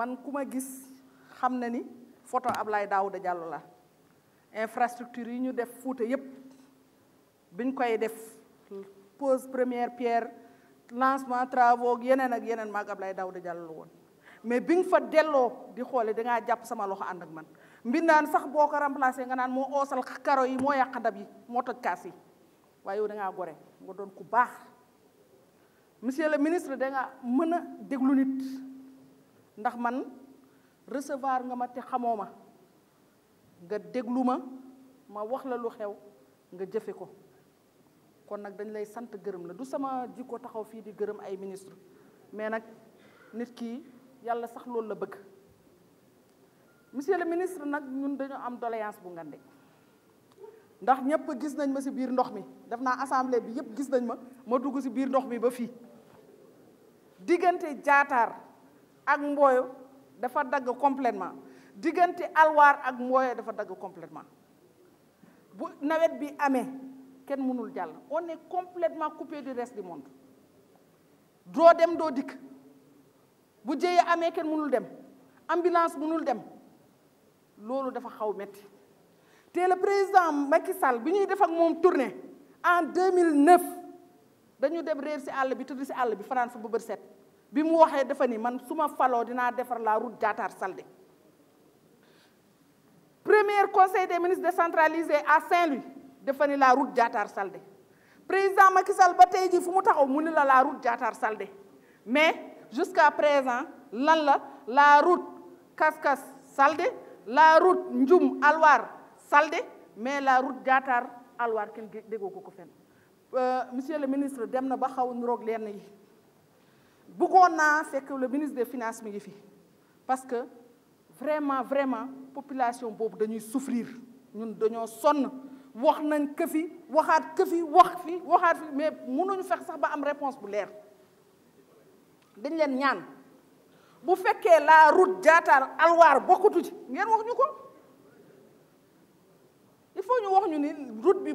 man ku ma gis xam na ni photo ablay Daouda Diallo la infrastructure yi ñu def foute yépp biñ koy def pose première pierre lancement travaux yeneen ak yeneen mag ablay Daouda Diallo la mais biñ fa delloo di xoole dangaa jàpp sama loxo ànd ak man mbindaan sax boo ko remplacé nga naan moo oosal karo yi moo yàq ndab yi moo toj kaas yi waaye yow dangaa gore nga doon ku baax monsieur le ministre danga mën a déglu nit ndax man recevoir nga ma te xamoo ma nga déglu ma ma wax la lu xew nga jëfe ko kon nag dañ lay sant gërëm la du sama jikko taxaw fii di gërëm ay ministre mais nag nit ki yàlla sax loolu la bëgg monsieur le ministre nag ñun dañu am doléance bu ngande ndax ñëpp gis nañ ma ci biir ndox mi def naa assemblée bi yëpp gis nañ ma ma dugg ci biir ndox mi ba fii diggante jaataar ak mbooyo dafa dag complètement diggante alwar ak mbooyo dafa dag complètement bu nawet bi amé ken mënul jàll on est complètement coupé du reste du monde do dem do dik bu jeyé amé ken mënul dem ambulance mënul dem lolu dafa xaw metti té le président Macky Sall bi ñuy def ak mom tournée en 2009 dañu dem réer ci àll bi tuddi ci àll bi fanaan fa ba set bi mu waxee man la route Saldé premier conseil des ministres décentralisé à Saint-Louis la route Diatar Saldé président Makisal la la route mais jusqu'à présent la route Kaskas Salde, la route Njum Alwar salde, mais la route Diatar Alwar ko euh, monsieur le ministre ba a, c'est que le ministre des finances m'y parce que vraiment vraiment population souffre. souffrir nous devons sonne, wax nañ choses, mais nous fex sax une réponse bu Nous dañ leen ñaan bu que la route à il faut nous route bi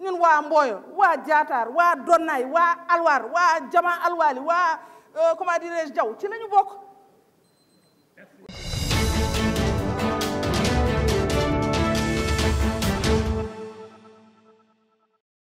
ñun waa Mboyo waa Diatar wa Donnaay wa Alwar waa Jama Alwali waa euh, comment dirais-je Jaw ci la ñu bokk.